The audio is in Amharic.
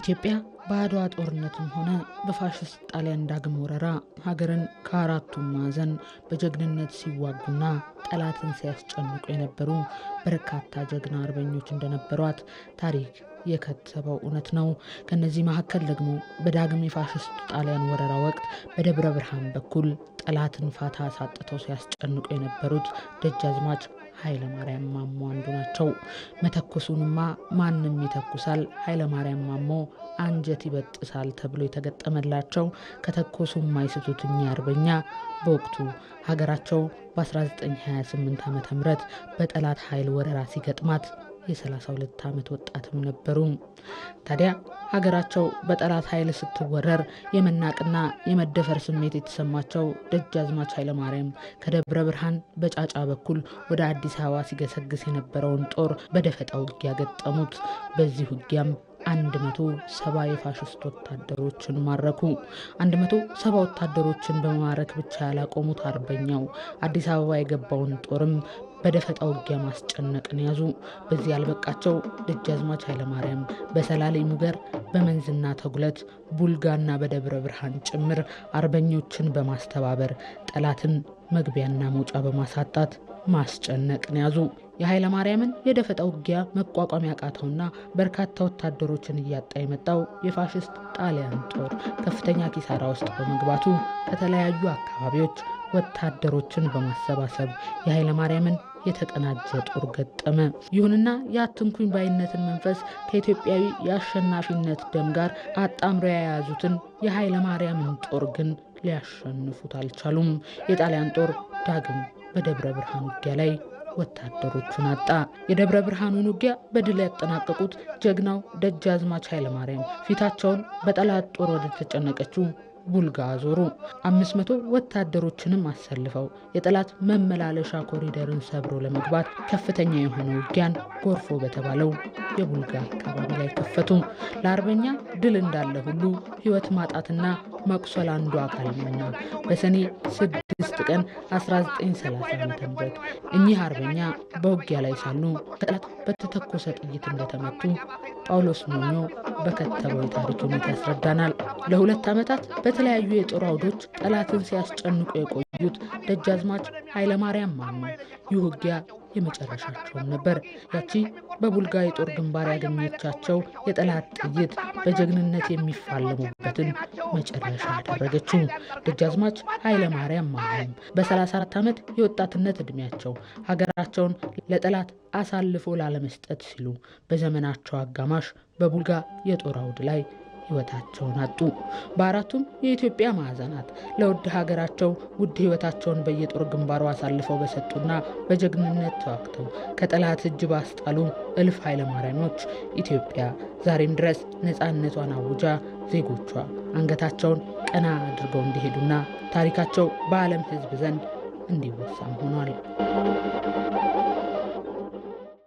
ኢትዮጵያ በአድዋ ጦርነትም ሆነ በፋሽስት ጣሊያን ዳግም ወረራ ሀገርን ከአራቱም ማዕዘን በጀግንነት ሲዋጉና ጠላትን ሲያስጨንቁ የነበሩ በርካታ ጀግና አርበኞች እንደነበሯት ታሪክ የከተበው እውነት ነው። ከነዚህ መካከል ደግሞ በዳግም የፋሽስቱ ጣሊያን ወረራ ወቅት በደብረ ብርሃን በኩል ጠላትን ፋታ አሳጥተው ሲያስጨንቁ የነበሩት ደጃዝማች ኃይለማርያም ማሞ አንዱ ናቸው። መተኮሱንማ ማንም ይተኩሳል፣ ኃይለማርያም ማሞ አንጀት ይበጥሳል ተብሎ የተገጠመላቸው ከተኮሱ የማይስቱት እኚህ አርበኛ በወቅቱ ሀገራቸው በ1928 ዓ ም በጠላት ኃይል ወረራ ሲገጥማት የ32 ዓመት ወጣትም ነበሩ። ታዲያ ሀገራቸው በጠላት ኃይል ስትወረር የመናቅና የመደፈር ስሜት የተሰማቸው ደጃዝማች ኃይለማርያም ከደብረ ብርሃን በጫጫ በኩል ወደ አዲስ አበባ ሲገሰግስ የነበረውን ጦር በደፈጣ ውጊያ ገጠሙት። በዚህ ውጊያም አንድ መቶ ሰባ የፋሽስት ወታደሮችን ማረኩ። አንድ መቶ ሰባ ወታደሮችን በማረክ ብቻ ያላቆሙት አርበኛው አዲስ አበባ የገባውን ጦርም በደፈጣ ውጊያ ማስጨነቅን ያዙ። በዚህ ያልበቃቸው ደጃዝማች ኃይለማርያም በሰላሌ ሙገር፣ በመንዝና ተጉለት፣ ቡልጋና በደብረ ብርሃን ጭምር አርበኞችን በማስተባበር ጠላትን መግቢያና መውጫ በማሳጣት ማስጨነቅን ያዙ። የኃይለ ማርያምን የደፈጣ ውጊያ መቋቋም ያቃተውና በርካታ ወታደሮችን እያጣ የመጣው የፋሽስት ጣሊያን ጦር ከፍተኛ ኪሳራ ውስጥ በመግባቱ ከተለያዩ አካባቢዎች ወታደሮችን በማሰባሰብ የኃይለ ማርያምን የተቀናጀ ጦር ገጠመ። ይሁንና የአትንኩኝ ባይነትን መንፈስ ከኢትዮጵያዊ የአሸናፊነት ደም ጋር አጣምሮ የያዙትን የኃይለ ማርያምን ጦር ግን ሊያሸንፉት አልቻሉም። የጣሊያን ጦር ዳግም በደብረ ብርሃን ውጊያ ላይ ወታደሮቹን አጣ። የደብረ ብርሃኑን ውጊያ በድል ያጠናቀቁት ጀግናው ደጃዝማች ኃይለማርያም ፊታቸውን በጠላት ጦር ወደ ተጨነቀችው ቡልጋ አዞሩ። 500 ወታደሮችንም አሰልፈው የጠላት መመላለሻ ኮሪደርን ሰብሮ ለመግባት ከፍተኛ የሆነ ውጊያን ጎርፎ በተባለው የቡልጋ አካባቢ ላይ ከፈቱ። ለአርበኛ ድል እንዳለ ሁሉ ሕይወት ማጣትና መቁሰል አንዱ አካል ነውና በሰኔ 6 ቀን 1930 ም እኚህ አርበኛ በውጊያ ላይ ሳሉ ከጠላት በተተኮሰ ጥይት እንደተመቱ ጳውሎስ ሞኞ በከተበው የታሪክ ሁኔታ ያስረዳናል። ለሁለት ዓመታት በተለያዩ የጦር አውዶች ጠላትን ሲያስጨንቁ የቆዩት ደጃዝማች ኃይለማርያም ማሞ ይህ ውጊያ የመጨረሻቸውም ነበር። ያቺ በቡልጋ የጦር ግንባር ያገኘቻቸው የጠላት ጥይት በጀግንነት የሚፋለሙበትን መጨረሻ ያደረገችው ደጃዝማች ኃይለማርያም ማሞም በ34 ዓመት የወጣትነት ዕድሜያቸው ሀገራቸውን ለጠላት አሳልፎ ላለመስጠት ሲሉ በዘመናቸው አጋማሽ በቡልጋ የጦር አውድ ላይ ህይወታቸውን አጡ። በአራቱም የኢትዮጵያ ማዕዘናት ለውድ ሀገራቸው ውድ ህይወታቸውን በየጦር ግንባሩ አሳልፈው በሰጡና በጀግንነት ተዋግተው ከጠላት እጅ ባስጣሉ እልፍ ኃይለማርያኖች ኢትዮጵያ ዛሬም ድረስ ነፃነቷን አውጃ ዜጎቿ አንገታቸውን ቀና አድርገው እንዲሄዱና ታሪካቸው በዓለም ህዝብ ዘንድ እንዲወሳም ሆኗል።